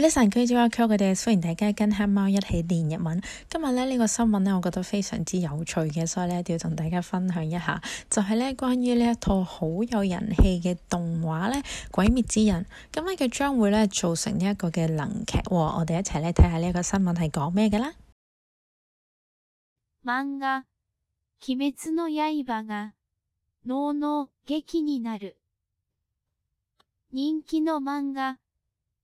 呢份《k a w a 佢哋，歡迎大家跟黑貓一起練日文。今日咧呢、這個新聞咧，我覺得非常之有趣嘅，所以咧要同大家分享一下，就係、是、咧關於呢一套好有人氣嘅動畫咧《鬼滅之刃》。咁咧佢將會咧做成呢一個嘅能劇、哦。我哋一齊咧睇下呢一個新聞係講咩嘅啦。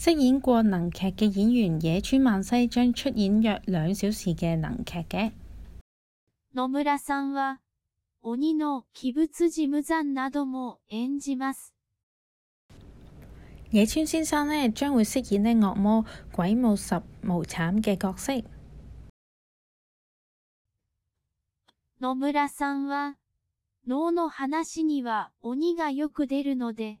飾演過能劇嘅演員野村萬齋將出演約2小時嘅能劇。野村さんは鬼の鬼舞辻無慘なども演じます。野村先生，野村先生呢將會飾演惡魔鬼舞辻無慘嘅角色。野村さんは能の話には鬼がよく出るので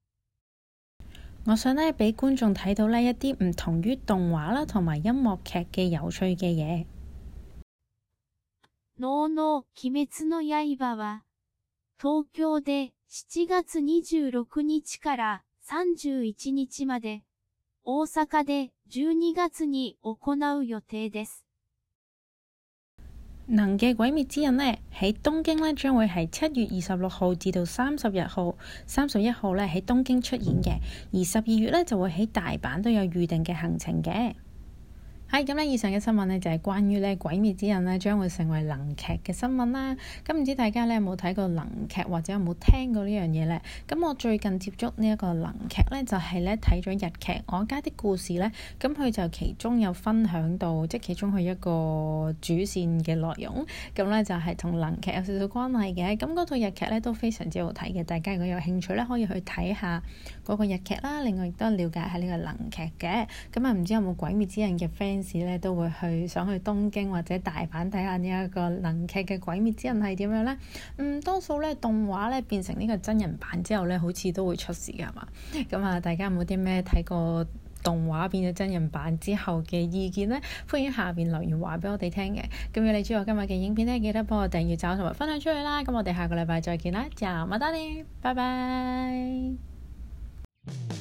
我想呢，俾觀眾睇到呢一啲唔同於動畫啦，同埋音樂劇嘅有趣嘅嘢。ノノ鬼滅の刃は東京で7月26日から31日まで、大阪で12月に行う予定です。能嘅《毀滅之刃》呢，喺東京咧將會係七月二十六號至到三十日號、三十一號呢，喺東京出演嘅。而十二月呢，就會喺大阪都有預定嘅行程嘅。係咁咧，Hi，以上嘅新聞咧就係關於咧鬼滅之刃咧將會成為能劇嘅新聞啦。咁唔知大家咧有冇睇過能劇或者有冇聽過呢樣嘢咧？咁我最近接觸呢一個能劇咧，就係咧睇咗日劇《我家的故事》咧。咁佢就其中有分享到，即其中佢一個主線嘅內容。咁咧就係同能劇有少少關係嘅。咁嗰套日劇咧都非常之好睇嘅，大家如果有興趣咧，可以去睇下嗰個日劇啦。另外亦都了解下呢個能劇嘅。咁啊，唔知有冇鬼滅之刃嘅 fans？時咧都會去想去東京或者大阪睇下呢一個能劇嘅鬼滅之刃係點樣呢？嗯，多數咧動畫咧變成呢個真人版之後呢，好似都會出事噶係嘛？咁啊，大家有冇啲咩睇過動畫變咗真人版之後嘅意見呢？歡迎下邊留言話俾我哋聽嘅。咁如果你知道今日嘅影片呢，記得幫我訂閱找、讚同埋分享出去啦。咁我哋下個禮拜再見啦，就麥當尼，拜拜。嗯